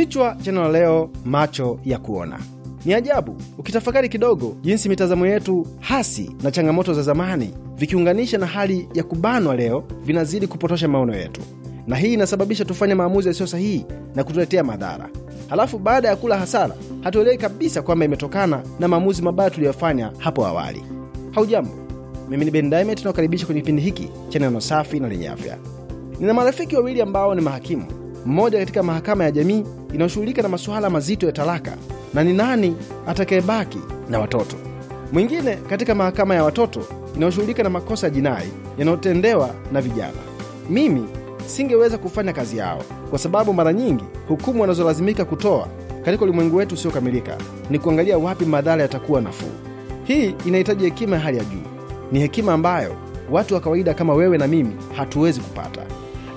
Kichwa cha neno leo, macho ya kuona. Ni ajabu ukitafakari kidogo jinsi mitazamo yetu hasi na changamoto za zamani vikiunganisha na hali ya kubanwa leo vinazidi kupotosha maono yetu, na hii inasababisha tufanye maamuzi yasiyo sahihi na kutuletea madhara. Halafu baada ya kula hasara, hatuelewi kabisa kwamba imetokana na maamuzi mabaya tuliyofanya hapo awali. Haujambo, mimi ni Ben Diamond, kwenye kipindi hiki cha neno safi na lenye afya. Nina marafiki wawili ambao ni mahakimu, mmoja katika mahakama ya jamii inayoshughulika na masuala mazito ya talaka na ni nani atakayebaki na watoto, mwingine katika mahakama ya watoto inayoshughulika na makosa ya jinai yanayotendewa na vijana. Mimi singeweza kufanya kazi yao kwa sababu mara nyingi hukumu wanazolazimika kutoa katika ulimwengu wetu usiokamilika ni kuangalia wapi madhara yatakuwa nafuu. Hii inahitaji hekima ya hali ya juu, ni hekima ambayo watu wa kawaida kama wewe na mimi hatuwezi kupata.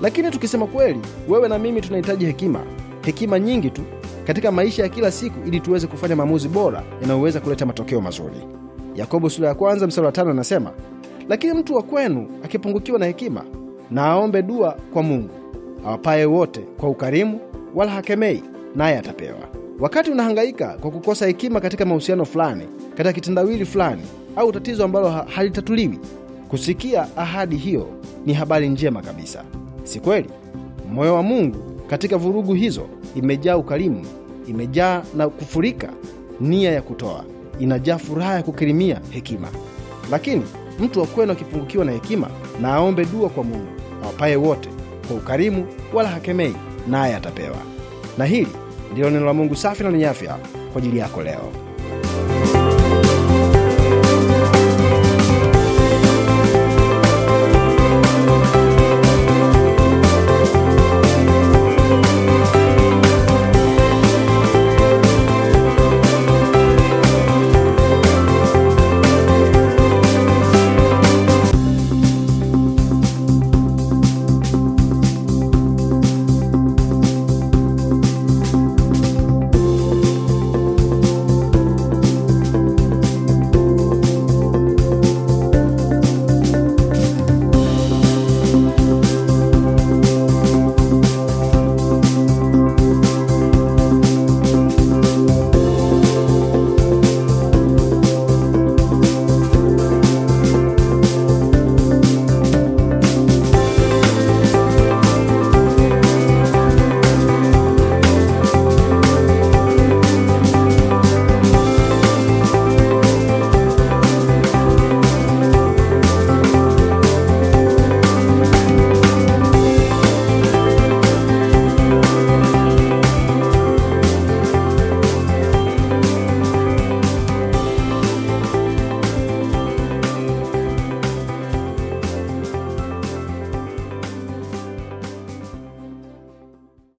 Lakini tukisema kweli, wewe na mimi tunahitaji hekima hekima nyingi tu katika maisha ya kila siku ili tuweze kufanya maamuzi bora yanayoweza kuleta matokeo mazuri. Yakobo sula ya kwanza msara wa tano anasema, lakini mtu wa kwenu akipungukiwa na hekima, na aombe dua kwa Mungu awapaye wote kwa ukarimu, wala hakemei, naye atapewa. Wakati unahangaika kwa kukosa hekima katika mahusiano fulani, katika kitendawili fulani, au tatizo ambalo halitatuliwi, kusikia ahadi hiyo ni habari njema kabisa, si kweli? Moyo wa Mungu katika vurugu hizo imejaa ukarimu, imejaa na kufurika nia ya kutoa, inajaa furaha ya kukirimia hekima. Lakini mtu wa kwenu akipungukiwa na hekima, na aombe dua kwa Mungu awapaye wote kwa ukarimu, wala hakemei, naye atapewa. Na hili ndilo neno la Mungu safi na lenye afya kwa ajili yako leo.